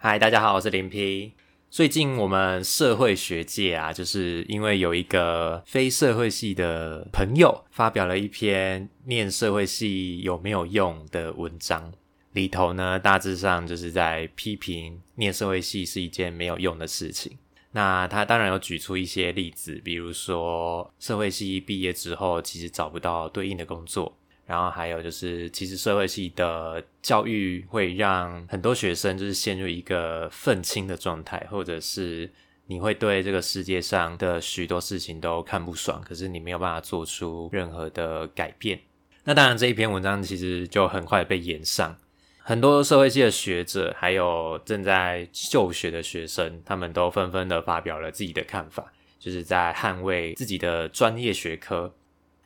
嗨，Hi, 大家好，我是林批。最近我們社會學界啊，就是因為有一個非社會系的朋友發表了一篇念社會系有沒有用的文章，裡頭呢大致上就是在批評念社會系是一件沒有用的事情。那他當然有舉出一些例子，比如說社會系畢業之後其實找不到對應的工作。然後還有就是，其實社會系的教育會讓很多學生就是陷入一個憤青的狀態，或者是你會對這個世界上的許多事情都看不爽，可是你沒有辦法做出任何的改變。那當然，這一篇文章其實就很快被炎上，很多社會系的學者還有正在就學的學生，他們都紛紛的發表了自己的看法，就是在捍衛自己的專業學科。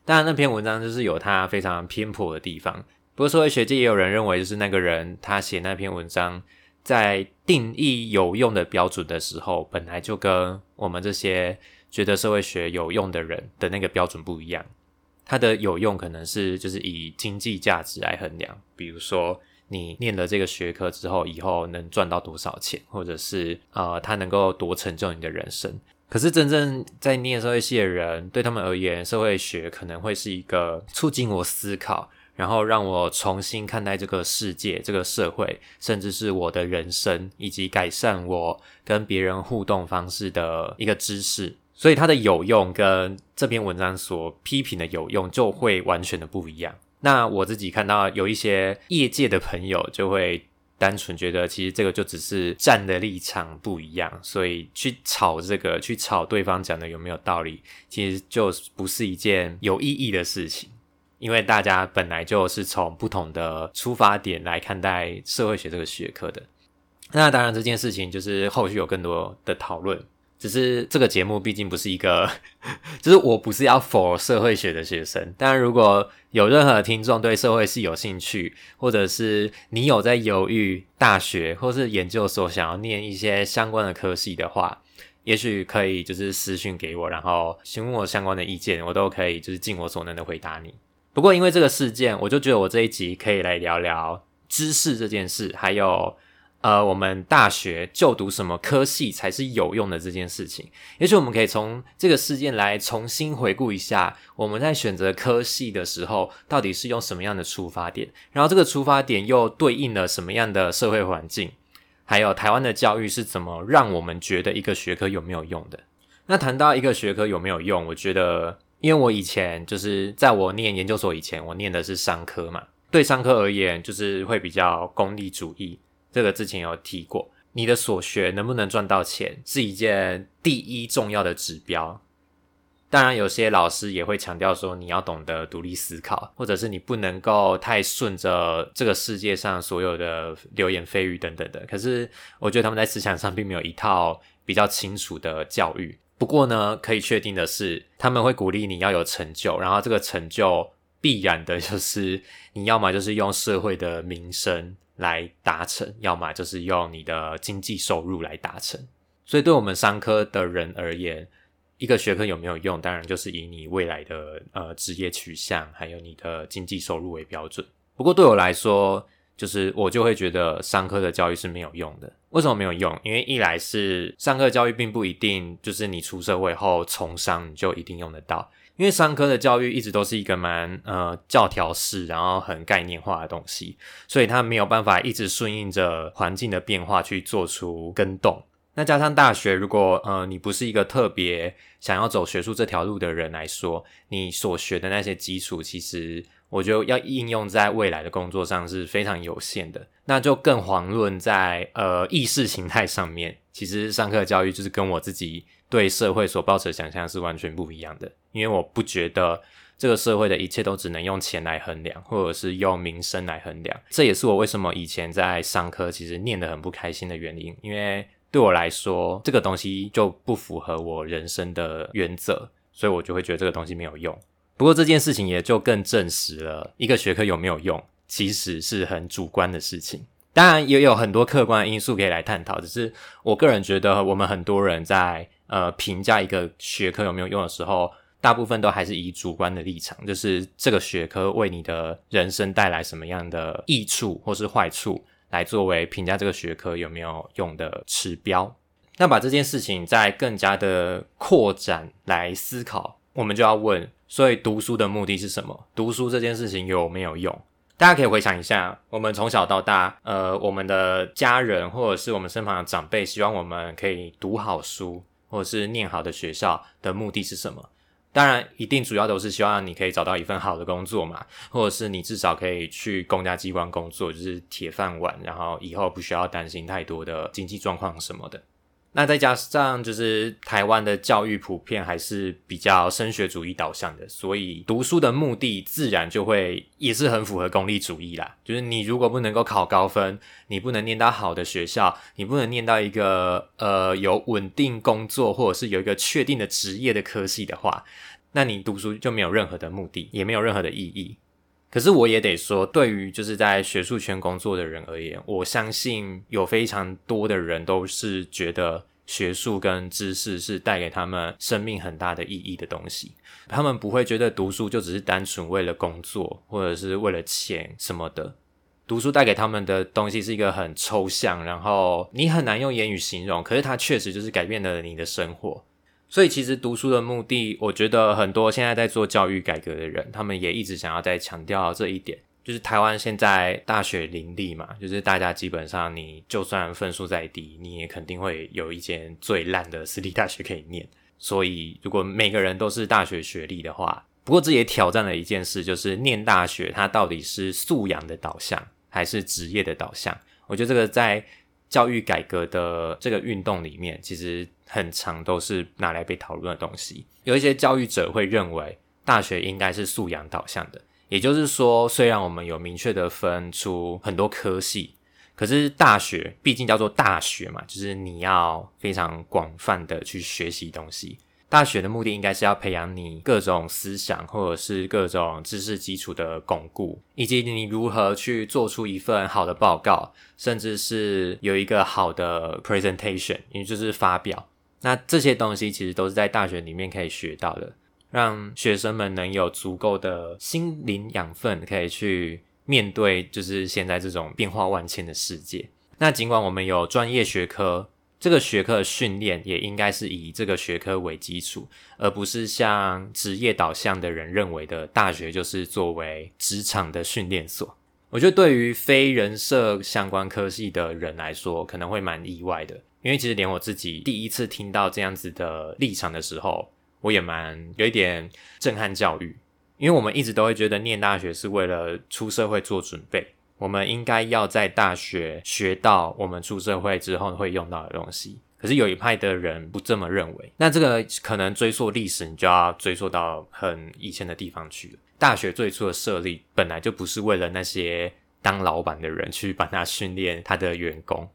當然，那篇文章就是有它非常偏頗的地方。不過，社會學界也有人認為，就是那個人他寫那篇文章，在定義“有用”的標準的時候，本來就跟我們這些覺得社會學有用的人的那個標準不一樣。他的“有用”可能是就是以經濟價值來衡量，比如說你念了這個學科之後，以後能賺到多少錢，或者是呃，他能夠多成就你的人生。可是真正在念社會系的人，對他們而言，社會學可能會是一個促進我思考，然後讓我重新看待這個世界、這個社會，甚至是我的人生，以及改善我跟別人互動方式的一個知識。所以它的有用跟這篇文章所批評的有用就會完全的不一樣。那我自己看到有一些業界的朋友就會。單純覺得，其實這個就只是站的立場不一樣，所以去吵這個，去吵對方講的有沒有道理，其實就不是一件有意義的事情，因為大家本來就是從不同的出發點來看待社會學這個學科的。那當然，這件事情就是後續有更多的討論。只是這個節目畢竟不是一個， 就是我不是要 for 社會學的學生，當然如果有任何聽眾對社會系有興趣，或者是你有在猶豫大學或是研究所想要念一些相關的科系的話，也許可以就是私訊給我，然後詢問我相關的意見，我都可以就是盡我所能的回答你。不過因為這個事件，我就覺得我這一集可以來聊聊知識這件事，還有。呃，我們大學就讀什麼科系才是有用的這件事情，也許我們可以從這個事件來重新回顧一下，我們在選擇科系的時候，到底是用什麼樣的出發點，然後這個出發點又對應了什麼樣的社會環境，還有台灣的教育是怎麼讓我們覺得一個學科有沒有用的？那談到一個學科有沒有用，我覺得，因為我以前就是在我念研究所以前，我念的是商科嘛，對商科而言，就是會比較功利主義。這個之前有提過，你的所學能不能賺到錢，是一件第一重要的指標。當然，有些老師也會強調說，你要懂得獨立思考，或者是你不能夠太順着這個世界上所有的流言蜚語等等的。可是，我覺得他們在思想上並沒有一套比較清楚的教育。不過呢，可以確定的是，他們會鼓勵你要有成就，然後這個成就必然的就是你要麼就是用社會的名聲。來達成，要麼就是用你的經濟收入來達成。所以，對我們商科的人而言，一個學科有沒有用，當然就是以你未來的呃職業取向，還有你的經濟收入為標準。不過，對我來說，就是我就會覺得商科的教育是沒有用的。為什麼沒有用？因為一來是商科的教育並不一定就是你出社會後從商你就一定用得到。因為上課的教育，一直都是一個蠻呃教條式，然後很概念化的東西，所以它沒有辦法一直順應着環境的變化去做出更動。那加上大學，如果呃你不是一個特別想要走學術這條路的人來說，你所學的那些基礎，其實我覺得要應用在未來的工作上是非常有限的。那就更遑論在呃意識形態上面，其實上課的教育就是跟我自己對社會所抱持的想象，是完全不一樣的。因為我不覺得這個社會的一切都只能用錢來衡量，或者是用名聲來衡量。這也是我為什麼以前在上課其實念得很不開心的原因。因為對我來說，這個東西就不符合我人生的原則，所以我就會覺得這個東西沒有用。不過這件事情也就更證實了一個學科有沒有用，其實是很主觀的事情。當然也有很多客觀因素可以來探討，只是我個人覺得，我們很多人在，呃，評價一個學科有沒有用的時候，大部分都還是以主觀的立場，就是這個學科為你的人生帶來什麼樣的益處或是壞處，來作為評價這個學科有沒有用的指標。那把這件事情再更加的擴展來思考，我們就要問，所以讀書的目的是什麼？讀書這件事情有沒有用？大家可以回想一下，我們從小到大，呃，我們的家人或者是我們身旁的長輩，希望我們可以讀好書，或者是念好的學校的目的是什麼？當然，一定主要都是希望你可以找到一份好的工作嘛，或者是你至少可以去公家機關工作，就是鐵飯碗，然後以後不需要擔心太多的經濟狀況什麼的。那再加上，就是台灣的教育普遍還是比較升學主義導向的，所以讀書的目的自然就會也是很符合功利主義啦。就是你如果不能夠考高分，你不能念到好的學校，你不能念到一個呃有穩定工作或者是有一個確定的職業的科系的話，那你讀書就沒有任何的目的，也沒有任何的意義。可是我也得說，對於就是在學術圈工作的人而言，我相信有非常多的人都是覺得學術跟知識是帶給他們生命很大的意義的東西。他們不會覺得讀書就只是單純為了工作或者是為了錢什麼的。讀書帶給他們的東西是一個很抽象，然後你很難用言語形容，可是它確實就是改變了你的生活。所以，其實讀書的目的，我覺得很多現在在做教育改革的人，他們也一直想要再強調這一點，就是台灣現在大學林立嘛，就是大家基本上你就算分數再低，你也肯定會有一間最爛的私立大學可以念。所以，如果每個人都是大學學歷的話，不過這也挑戰了一件事，就是念大學它到底是素養的導向還是職業的導向？我覺得這個在。教育改革的這個運動裡面，其實很常都是拿來被討論的東西。有一些教育者會認為，大學應該是素養導向的，也就是說，雖然我們有明確的分出很多科系，可是大學畢竟叫做大學嘛，就是你要非常廣泛的去學習東西。大學的目的應該是要培養你各種思想，或者是各種知識基礎的鞏固，以及你如何去做出一份好的報告，甚至是有一個好的 presentation，也就是發表。那這些東西其實都是在大學裡面可以學到的，讓學生們能有足夠的心靈養分，可以去面對就是現在這種變化萬千的世界。那儘管我們有專業學科。這個學科的訓練也應該是以這個學科為基礎，而不是像職業導向的人認為的大學就是作為職場的訓練所。我覺得對於非人社相關科系的人來說，可能會蠻意外的，因為其實連我自己第一次聽到這樣子的立場的時候，我也蠻有一點震撼教育，因為我們一直都會覺得念大學是為了出社會做準備。我們應該要在大學學到我們出社會之後會用到的東西。可是有一派的人不這麼認為。那這個可能追溯歷史，你就要追溯到很以前的地方去了。大學最初的設立本來就不是為了那些當老闆的人去幫他訓練他的員工。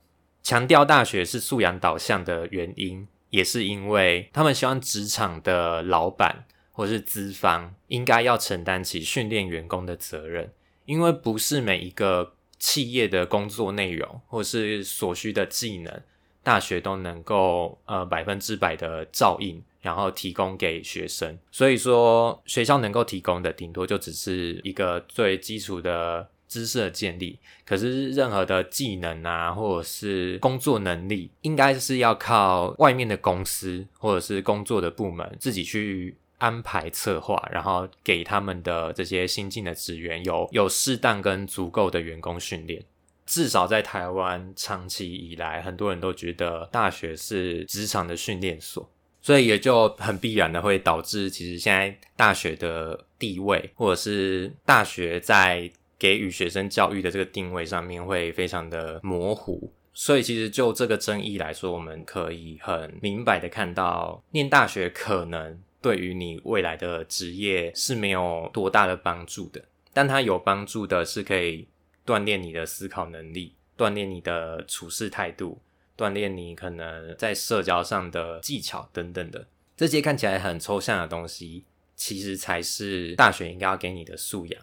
強調大學是素養導向的原因，也是因為他們希望職場的老闆或是資方應該要承擔起訓練員工的責任。因為不是每一個企業的工作內容或是所需的技能，大學都能夠呃百分之百的照應，然後提供給學生。所以說，學校能夠提供的頂多就只是一個最基礎的知識的建立。可是，任何的技能啊，或者是工作能力，應該是要靠外面的公司或者是工作的部門自己去。安排策劃，然後給他們的這些新進的職員有有適當跟足夠的員工訓練。至少在台灣長期以來，很多人都覺得大學是職場的訓練所，所以也就很必然的會導致，其實現在大學的地位，或者是大學在給予學生教育的這個定位上面會非常的模糊。所以，其實就這個爭議來說，我們可以很明白的看到，唸大學可能。對於你未來的職業是沒有多大的幫助的，但它有幫助的是可以鍛鍊你的思考能力，鍛鍊你的處事態度，鍛鍊你可能在社交上的技巧等等的。這些看起來很抽象的東西，其實才是大學應該要給你的素養。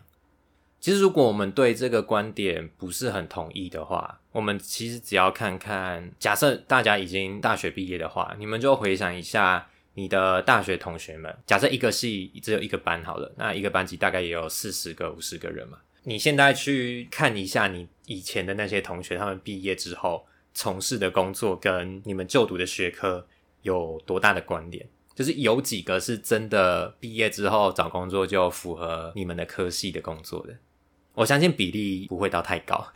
其實，如果我們對這個觀點不是很同意的話，我們其實只要看看，假設大家已經大學畢業的話，你們就回想一下。你的大學同學們，假設一個系只有一個班好了，那一個班級大概也有四十個、五十個人嘛。你現在去看一下你以前的那些同學，他們畢業之後從事的工作跟你們就讀的學科有多大的關聯？就是有幾個是真的畢業之後找工作就符合你們的科系的工作的。我相信比例不會到太高。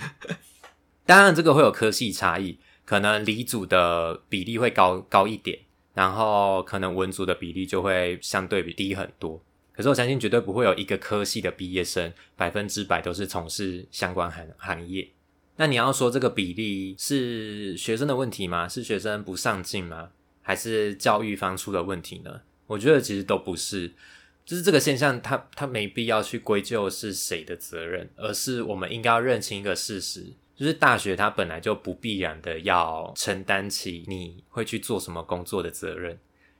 當然，這個會有科系差異，可能理組的比例會高高一點。然後可能文組的比例就會相對比低很多，可是我相信絕對不會有一個科系的畢業生百分之百都是從事相關行行業。那你要說這個比例是學生的問題嗎？是學生不上進嗎？還是教育方出了問題呢？我覺得其實都不是，就是這個現象它、它它沒必要去歸咎是誰的責任，而是我們應該要認清一個事實。就是大學，它本來就不必然的要承擔起你會去做什麼工作的責任，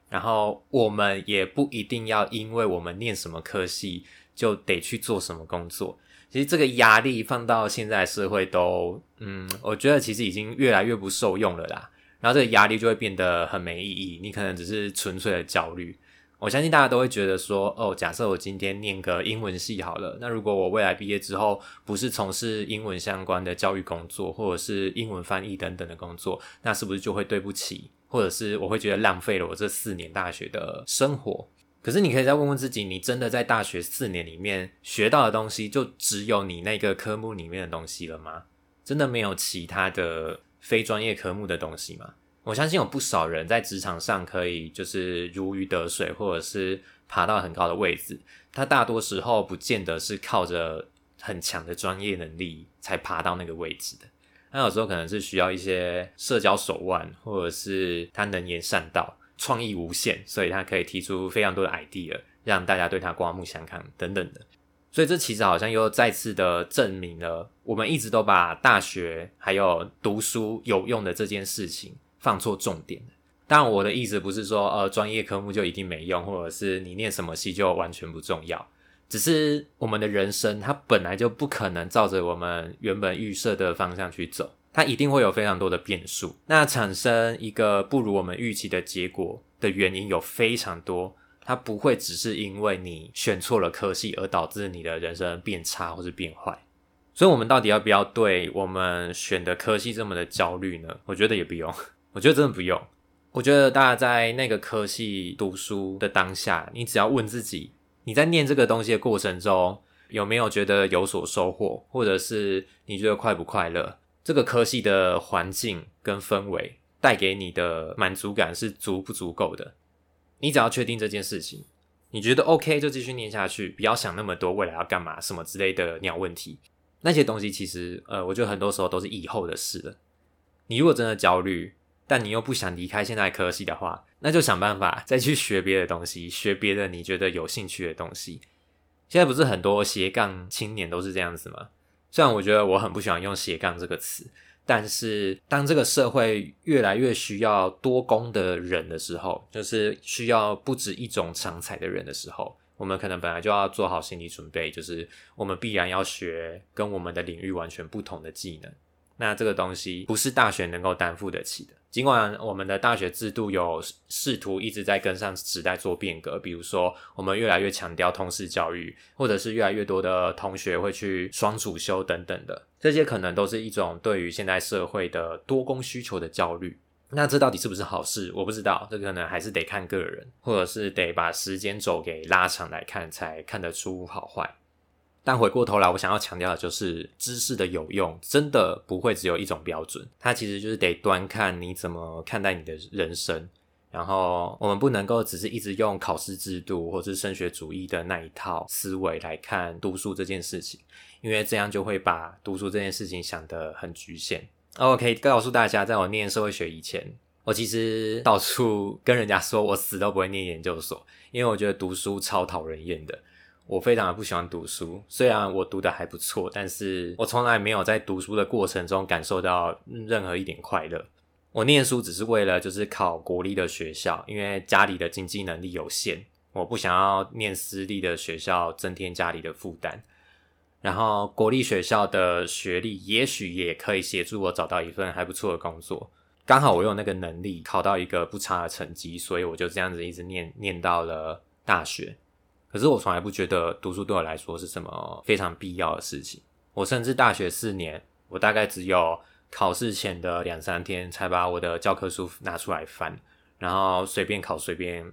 然後我們也不一定要因為我們念什麼科系就得去做什麼工作。其實這個壓力放到現在社會都，嗯，我覺得其實已經越來越不受用了啦。然後這個壓力就會變得很沒意義，你可能只是純粹的焦慮。我相信大家都會覺得說，哦，假設我今天念個英文系好了，那如果我未來畢業之後不是從事英文相關的教育工作，或者是英文翻譯等等的工作，那是不是就會對不起？或者是我會覺得浪費了我這四年大學的生活？可是你可以再問問自己，你真的在大學四年裡面學到的東西，就只有你那個科目裡面的東西了嗎？真的沒有其他的非專業科目的東西嗎？我相信有不少人在職場上可以就是如魚得水，或者是爬到很高的位置。他大多時候不見得是靠着很強的專業能力才爬到那個位置的。他有時候可能是需要一些社交手腕，或者是他能言善道、創意無限，所以他可以提出非常多的 idea，讓大家對他刮目相看等等的。所以這其實好像又再次的證明了，我們一直都把大學還有讀書有用的這件事情，放錯重點，但我的意思不是說，呃，專業科目就一定沒用，或者是你念什麼系就完全不重要。只是我們的人生它本來就不可能照着我們原本預設的方向去走，它一定會有非常多的變數。那產生一個不如我們預期的結果的原因有非常多，它不會只是因為你選錯了科系而導致你的人生變差或是變壞。所以，我們到底要不要對我們選的科系這麼的焦慮呢？我覺得也不用。我覺得真的不用。我覺得大家在那個科系讀書的當下，你只要問自己：你在念這個東西的過程中，有沒有覺得有所收穫，或者是你覺得快不快樂？這個科系的環境跟氛圍帶給你的滿足感是足不足夠的。你只要確定這件事情，你覺得 OK 就繼續念下去，不要想那麼多未來要幹嘛什麼之類的鳥問題。那些東西其實，呃，我覺得很多時候都是以後的事了。你如果真的焦慮，但你又不想離開現在科系的話，那就想辦法再去學別的東西，學別的你覺得有興趣的東西。現在不是很多斜槓青年都是這樣子嗎？雖然我覺得我很不喜歡用斜槓這個詞，但是當這個社會越來越需要多功的人的時候，就是需要不止一種長才的人的時候，我們可能本來就要做好心理準備，就是我們必然要學跟我們的領域完全不同的技能。那這個東西不是大學能夠擔負得起的。儘管我們的大學制度，有試圖一直在跟上時代做變革，比如說我們越來越強調通識教育，或者是越來越多的同學會去雙主修等等的，這些可能都是一種對於現代社會的多工需求的焦慮。那這到底是不是好事？我不知道，這可能還是得看個人，或者是得把時間軸給拉長來看，才看得出好壞。但回過頭來，我想要強調的就是，知識的有用真的不會只有一種標準。它其實就是得端看你怎麼看待你的人生。然後，我們不能夠只是一直用考試制度或是升學主義的那一套思維來看讀書這件事情，因為這樣就會把讀書這件事情想得很局限。OK，告訴大家，在我念社會學以前，我其實到處跟人家說我死都不會念研究所，因為我覺得讀書超討人厭的。我非常的不喜歡讀書，雖然我讀的還不錯，但是我從來沒有在讀書的過程中感受到任何一點快樂。我念書只是為了就是考國立的學校，因為家裡的經濟能力有限，我不想要念私立的學校，增添家裡的負擔。然後國立學校的學歷也許也可以協助我找到一份還不錯的工作，剛好我有那個能力，考到一個不差的成績，所以我就這樣子一直念，念到了大學。可是我從來不覺得讀書對我來說是什麼非常必要的事情。我甚至大學四年，我大概只有考試前的兩三天才把我的教科書拿出來翻，然後隨便考隨便，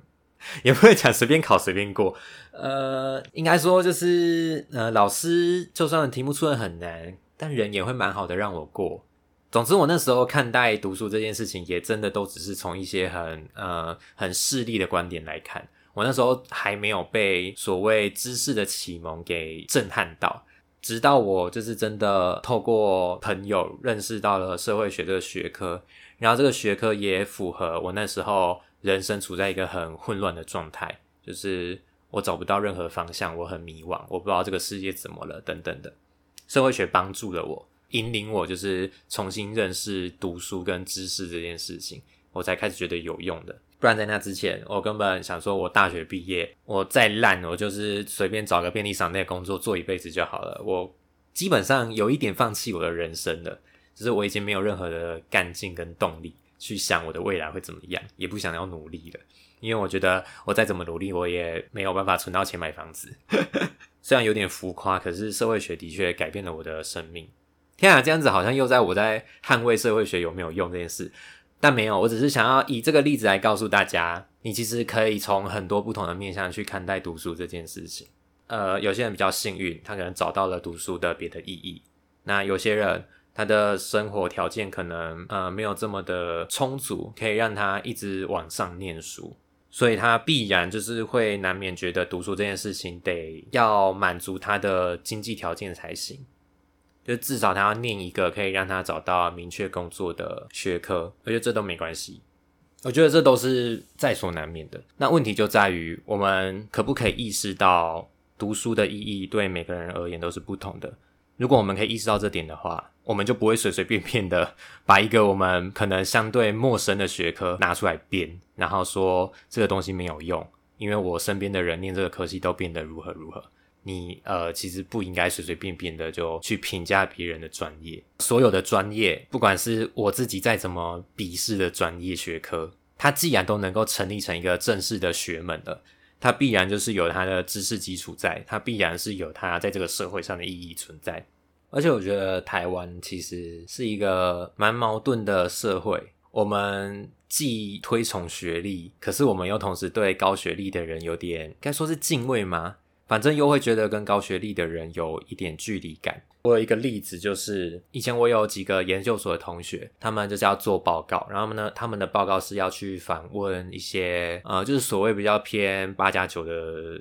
也不會講隨便考隨便過。呃，應該說就是呃，老師就算題目出的很難，但人也會蠻好的讓我過。總之，我那時候看待讀書這件事情，也真的都只是從一些很呃很勢利的觀點來看。我那時候還沒有被所謂知識的啟蒙給震撼到，直到我就是真的透過朋友認識到了社會學這個學科，然後這個學科也符合我那時候人生處在一個很混亂的狀態，就是我找不到任何方向，我很迷惘，我不知道這個世界怎麼了等等的。社會學幫助了我，引領我就是重新認識讀書跟知識這件事情，我才開始覺得有用的。在那之前，我根本想說，我大學畢業，我再爛，我就是隨便找個便利商店工作做一輩子就好了。我基本上有一點放棄我的人生了，只是我已經沒有任何的幹勁跟動力去想我的未來會怎麼樣，也不想要努力了，因為我覺得我再怎麼努力，我也沒有辦法存到錢買房子。 雖然有點浮誇，可是社會學的確改變了我的生命。天啊，這樣子好像又在我在捍衛社會學有沒有用這件事。但沒有，我只是想要以這個例子來告訴大家，你其實可以從很多不同的面向去看待讀書這件事情。呃，有些人比較幸運，他可能找到了讀書的別的意義；那有些人，他的生活條件可能呃沒有這麼的充足，可以讓他一直往上念書。所以他必然就是會難免覺得讀書這件事情得要滿足他的經濟條件才行。就至少他要念一個可以讓他找到明確工作的學科，我覺得這都沒關係。我覺得這都是在所難免的。那問題就在於，我們可不可以意識到讀書的意義對每個人而言都是不同的？如果我們可以意識到這點的話，我們就不會隨隨便便的把一個我們可能相對陌生的學科拿出來編，然後說這個東西沒有用，因為我身邊的人念這個科系都變得如何如何。你呃，其實不應該隨隨便便的就去評價別人的專業。所有的專業，不管是我自己再怎麼鄙視的專業學科，它既然都能夠成立成一個正式的學門了，它必然就是有它的知識基礎在，它必然是有它在這個社會上的意義存在。而且我覺得台灣其實是一個蠻矛盾的社會，我們既推崇學歷，可是我們又同時對高學歷的人有點，該說是敬畏嗎？反正又會覺得跟高學歷的人有一點距離感。我有一個例子，就是以前我有幾個研究所的同學，他們就是要做報告，然後呢，他們的報告是要去訪問一些呃，就是所謂比較偏八加九的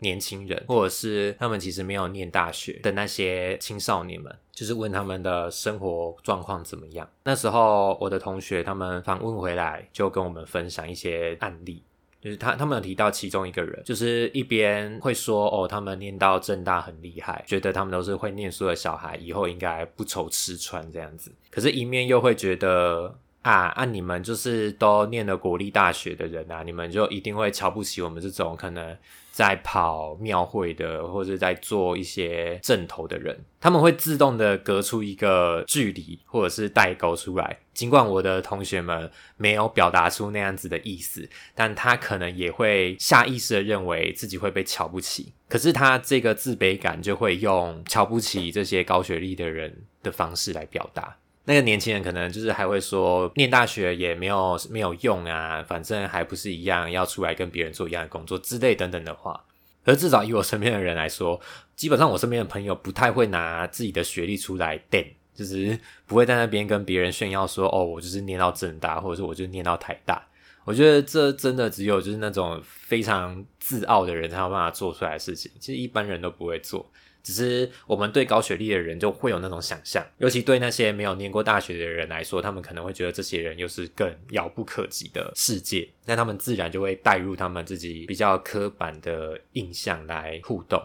年輕人，或者是他們其實沒有念大學的那些青少年們，就是問他們的生活狀況怎麼樣。那時候我的同學他們訪問回來，就跟我們分享一些案例。就是他，他們有提到其中一個人，就是一邊會說哦，他們念到政大很厲害，覺得他們都是會念書的小孩，以後應該不愁吃穿這樣子，可是，一面又會覺得。啊，按、啊、你們就是都念了國立大學的人啊，你們就一定會瞧不起我們這種可能在跑廟會的，或者是在做一些陣頭的人。他們會自動的隔出一個距離，或者是代溝出來。儘管我的同學們沒有表達出那樣子的意思，但他可能也會下意識的認為自己會被瞧不起。可是他這個自卑感就會用瞧不起這些高學歷的人的方式來表達。那個年輕人可能就是還會說，念大學也沒有沒有用啊，反正還不是一樣，要出來跟別人做一樣的工作之類等等的話。而至少以我身邊的人來說，基本上我身邊的朋友不太會拿自己的學歷出來電，就是不會在那邊跟別人炫耀說，哦，我就是念到政大，或者說我就念到台大。我覺得這真的只有就是那種非常自傲的人才有辦法做出來的事情，其實一般人都不會做。只是我們對高學歷的人就會有那種想象，尤其對那些沒有念過大學的人來說，他們可能會覺得這些人又是更遙不可及的世界。那他們自然就會帶入他們自己比較刻板的印象來互動。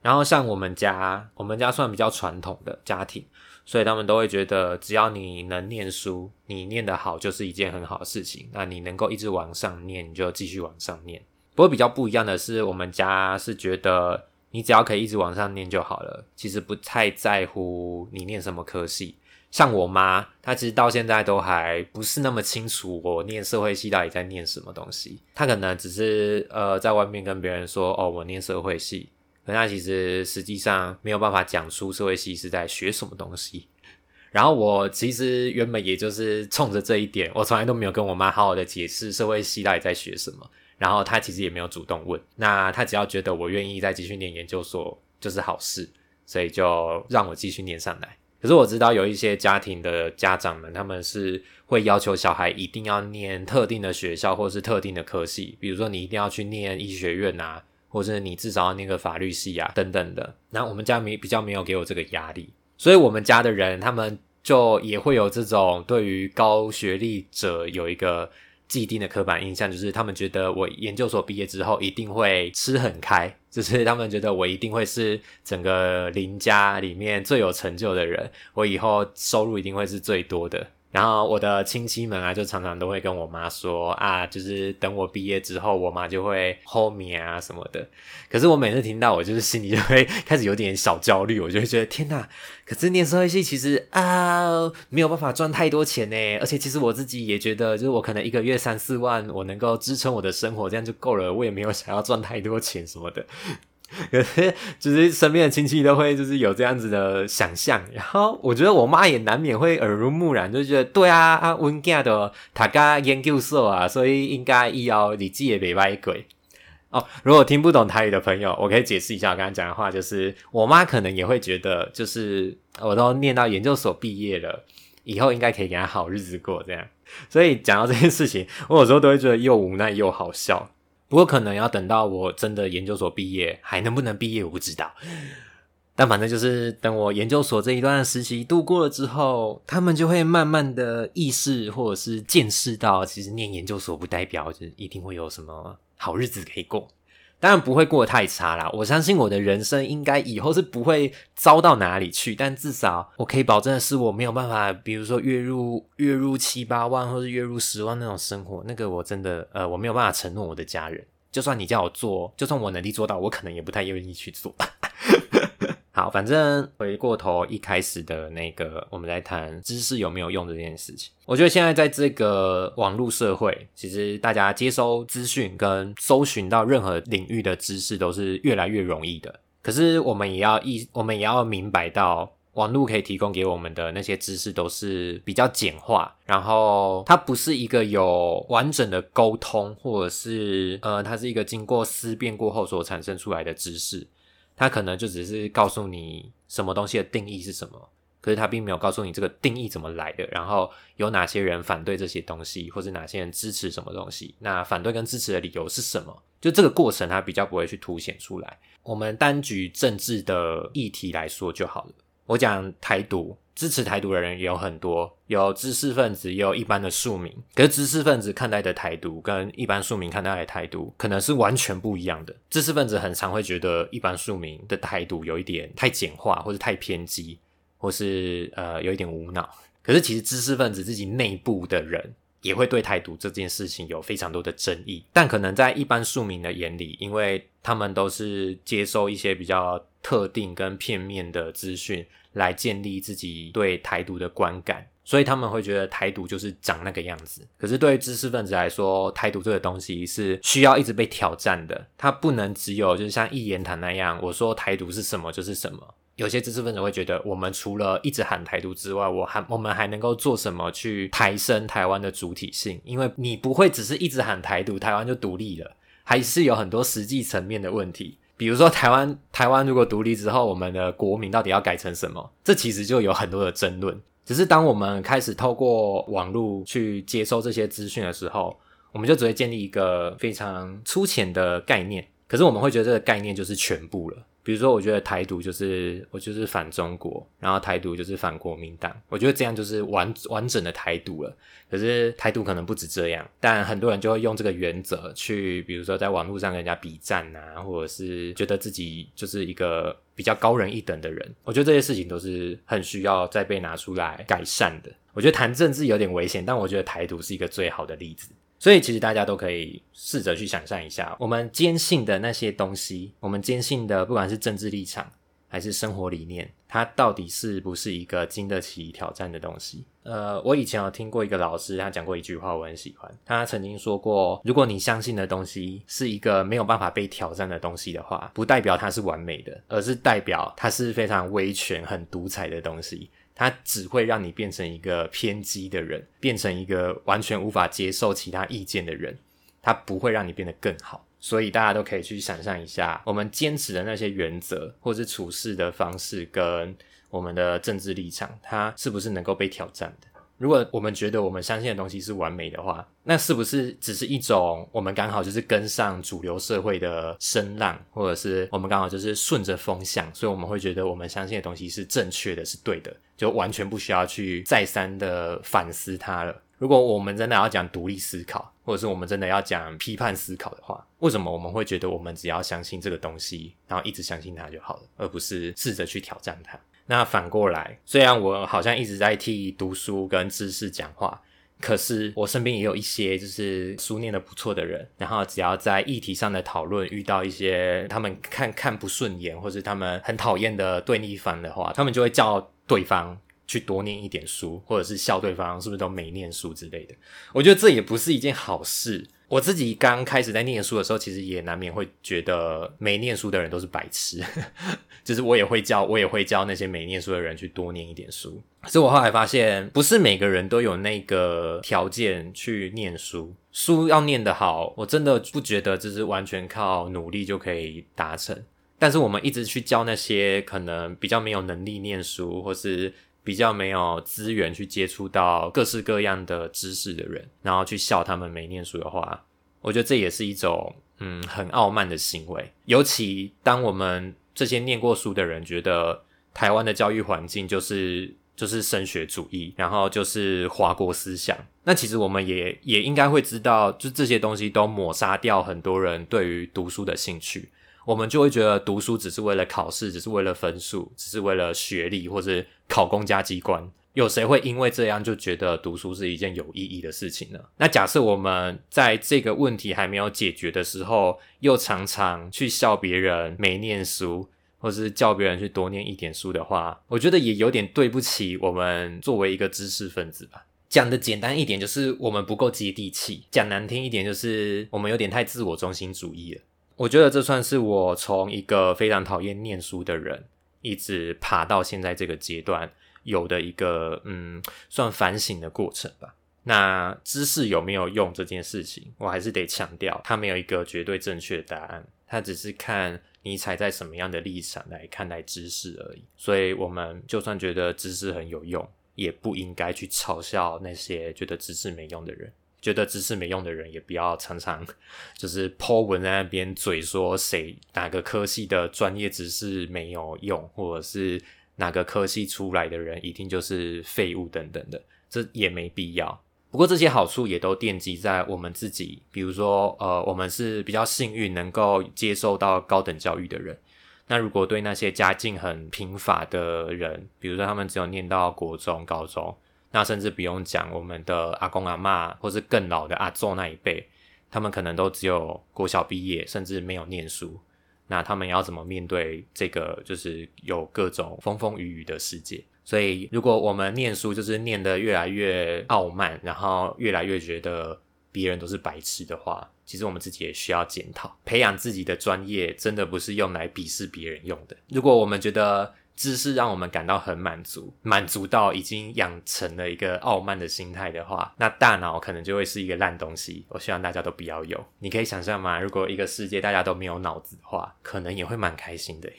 然後像我們家，我們家算比較傳統的家庭，所以他們都會覺得只要你能念書，你念得好就是一件很好的事情。那你能夠一直往上念，你就繼續往上念。不過比較不一樣的是，我們家是覺得。你只要可以一直往上念就好了，其實不太在乎你念什麼科系。像我媽，她其實到現在都還不是那麼清楚我念社會系到底在念什麼東西。她可能只是，呃，在外面跟別人說，哦，我念社會系，可她其實實際上沒有辦法講出社會系是在學什麼東西。然後我其實原本也就是衝着這一點，我從來都沒有跟我媽好好的解釋社會系到底在學什麼。然後他其實也沒有主動問，那他只要覺得我願意再繼續念研究所就是好事，所以就讓我繼續念上來。可是我知道有一些家庭的家長們，他們是會要求小孩一定要念特定的學校或是特定的科系，比如說你一定要去念醫學院啊，或是你至少要念個法律系啊等等的。那我們家沒比較沒有給我這個壓力，所以我們家的人他們就也會有這種對於高學歷者有一個。既定的刻板印象就是，他們覺得我研究所畢業之後一定會吃很開，就是他們覺得我一定會是整個林家裡面最有成就的人，我以後收入一定會是最多的。然後我的親戚們啊，就常常都會跟我媽說啊，就是等我畢業之後，我媽就會 hold me 啊什麼的。可是我每次聽到，我就是心裡就會開始有點小焦慮，我就會覺得天哪！可是念社會系其實啊，沒有辦法賺太多錢欸。而且其實我自己也覺得，就是我可能一個月三四萬，我能夠支撐我的生活，這樣就夠了。我也沒有想要賺太多錢什麼的。可是，就是身邊的親戚都會就是有這樣子的想象，然後我覺得我媽也難免會耳濡目染，就覺得對啊，啊，阿文哥的他家研究所啊，所以應該以後日子也別歹過哦。如果聽不懂台語的朋友，我可以解釋一下我剛剛講的話，就是我媽可能也會覺得，就是我都念到研究所畢業了，以後應該可以給她好日子過這樣。所以講到這件事情，我有時候都會覺得又無奈又好笑。不過可能要等到我真的研究所畢業，還能不能畢業我不知道。但反正就是等我研究所這一段時期度過了之後，他們就會慢慢的意識或者是見識到，其實念研究所不代表就一定會有什麼好日子可以過。當然不會過得太差啦。我相信我的人生應該以後是不會糟到哪裡去。但至少我可以保證的是，我沒有辦法，比如說月入月入七八萬或是月入十萬那種生活，那個我真的呃我沒有辦法承諾我的家人。就算你叫我做，就算我能力做到，我可能也不太願意去做。 好，反正回過頭一開始的那個，我們來談知識有沒有用的這件事情。我覺得現在在這個網絡社會，其實大家接收資訊跟搜尋到任何領域的知識都是越來越容易的。可是我們也要一，我們也要明白到，網絡可以提供給我們的那些知識都是比較簡化，然後它不是一個有完整的溝通，或者是呃，它是一個經過思辨過後所產生出來的知識。他可能就只是告訴你什麼東西的定義是什麼，可是他並沒有告訴你這個定義怎麼來的，然後有哪些人反對這些東西，或是哪些人支持什麼東西，那反對跟支持的理由是什麼？就這個過程，他比較不會去凸顯出來。我們單舉政治的議題來說就好了。我講台獨，支持台獨的人也有很多，有知識分子，也有一般的庶民。可是知識分子看待的台獨，跟一般庶民看待的台獨，可能是完全不一樣的。知識分子很常會覺得一般庶民的台獨有一點太簡化，或是太偏激，或是呃有一點無腦。可是其實知識分子自己內部的人。也會對台獨這件事情有非常多的爭議，但可能在一般庶民的眼裡，因為他們都是接受一些比較特定跟片面的資訊來建立自己對台獨的觀感，所以他們會覺得台獨就是長那個樣子。可是對於知識分子來說，台獨這個東西是需要一直被挑戰的，它不能只有就是像一言堂那樣，我說台獨是什麼就是什麼。有些知識分子會覺得，我們除了一直喊台獨之外，我還我們還能夠做什麼去抬升台灣的主體性？因為你不會只是一直喊台獨，台灣就獨立了，還是有很多實際層面的問題。比如說台、台灣台灣如果獨立之後，我們的國民到底要改成什麼？這其實就有很多的爭論。只是當我們開始透過網絡去接收這些資訊的時候，我們就只會建立一個非常粗淺的概念。可是我們會覺得這個概念就是全部了。比如說，我覺得台獨就是我就是反中國，然後台獨就是反國民黨，我覺得這樣就是完完整的台獨了。可是台獨可能不止這樣，但很多人就會用這個原則去，比如說在網路上跟人家筆戰啊，或者是覺得自己就是一個比較高人一等的人。我覺得這些事情都是很需要再被拿出來改善的。我覺得談政治有點危險，但我覺得台獨是一個最好的例子。所以，其實大家都可以試着去想象一下，我們堅信的那些東西，我們堅信的，不管是政治立場還是生活理念，它到底是不是一個經得起挑戰的東西？呃，我以前有聽過一個老師，他講過一句話，我很喜歡。他曾經說過，如果你相信的東西是一個沒有辦法被挑戰的東西的話，不代表它是完美的，而是代表它是非常威權、很獨裁的東西。它只會讓你變成一個偏激的人，變成一個完全無法接受其他意見的人。它不會讓你變得更好。所以大家都可以去想象一下，我們堅持的那些原則，或是處事的方式，跟我們的政治立場，它是不是能夠被挑戰的？如果我們覺得我們相信的東西是完美的話，那是不是只是一種我們剛好就是跟上主流社會的聲浪，或者是我們剛好就是順着風向，所以我們會覺得我們相信的東西是正確的，是對的，就完全不需要去再三的反思它了。如果我們真的要講獨立思考，或者是我們真的要講批判思考的話，為什麼我們會覺得我們只要相信這個東西，然後一直相信它就好了，而不是試着去挑戰它？那反過來，雖然我好像一直在替讀書跟知識講話，可是我身邊也有一些就是書念得不錯的人，然後只要在議題上的討論遇到一些他們看看不順眼，或是他們很討厭的對立方的話，他們就會叫對方。去多念一點書，或者是笑對方是不是都沒念書之類的？我覺得這也不是一件好事。我自己剛開始在念書的時候，其實也難免會覺得沒念書的人都是白痴， 就是我也會教，我也會教那些沒念書的人去多念一點書。可是我後來發現，不是每個人都有那個條件去念書，書要念得好，我真的不覺得這是完全靠努力就可以達成。但是我們一直去教那些可能比較沒有能力念書，或是比較沒有資源去接觸到各式各樣的知識的人，然後去笑他們沒念書的話，我覺得這也是一種嗯很傲慢的行為。尤其當我們這些念過書的人覺得台灣的教育環境就是就是升學主義，然後就是華國思想，那其實我們也也應該會知道，就這些東西都抹殺掉很多人對於讀書的興趣。我們就會覺得讀書只是為了考試，只是為了分數，只是為了學歷，或是考公家機關。有誰會因為這樣就覺得讀書是一件有意義的事情呢？那假設我們在這個問題還沒有解決的時候，又常常去笑別人沒唸書，或是叫別人去多念一點書的話，我覺得也有點對不起我們作為一個知識分子吧。講的簡單一點，就是我們不夠接地氣；講難聽一點，就是我們有點太自我中心主義了。我覺得這算是我從一個非常討厭念書的人，一直爬到現在這個階段有的一個，嗯，算反省的過程吧。那知識有沒有用這件事情，我還是得強調，它沒有一個絕對正確的答案，它只是看你踩在什麼樣的立場來看待知識而已。所以，我們就算覺得知識很有用，也不應該去嘲笑那些覺得知識沒用的人。覺得知識沒用的人，也不要常常就是 PO 文在那邊嘴說誰哪個科系的專業知識沒有用，或者是哪個科系出來的人一定就是廢物等等的，這也沒必要。不過這些好處也都奠基在我們自己，比如說呃，我們是比較幸運能夠接受到高等教育的人。那如果對那些家境很貧乏的人，比如說他們只有念到國中、高中。那甚至不用講，我們的阿公阿嬤，或是更老的阿祖那一輩，他們可能都只有國小畢業，甚至沒有念書。那他們要怎麼面對這個就是有各種風風雨雨的世界？所以，如果我們念書就是念得越來越傲慢，然後越來越覺得別人都是白痴的話，其實我們自己也需要檢討。培養自己的專業，真的不是用來鄙視別人用的。如果我們覺得，知識讓我們感到很滿足，滿足到已經養成了一個傲慢的心態的話，那大腦可能就會是一個爛東西。我希望大家都不要有。你可以想象嗎？如果一個世界大家都沒有腦子的話，可能也會蠻開心的耶。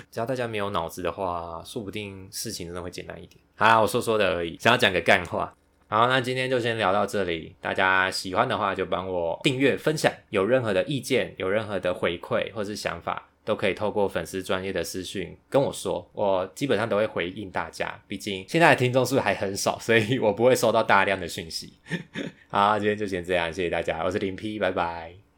只要大家沒有腦子的話，說不定事情真的會簡單一點。好啦，我說說的而已，想要講個幹話。好，那今天就先聊到這裡。大家喜歡的話，就幫我訂閱、分享。有任何的意見、有任何的回饋或是想法，都可以透過粉絲專頁的私訊跟我說，我基本上都會回應大家。畢竟現在的聽眾數還很少，所以我不會收到大量的訊息。 好，今天就先這樣，謝謝大家，我是林 P，拜拜。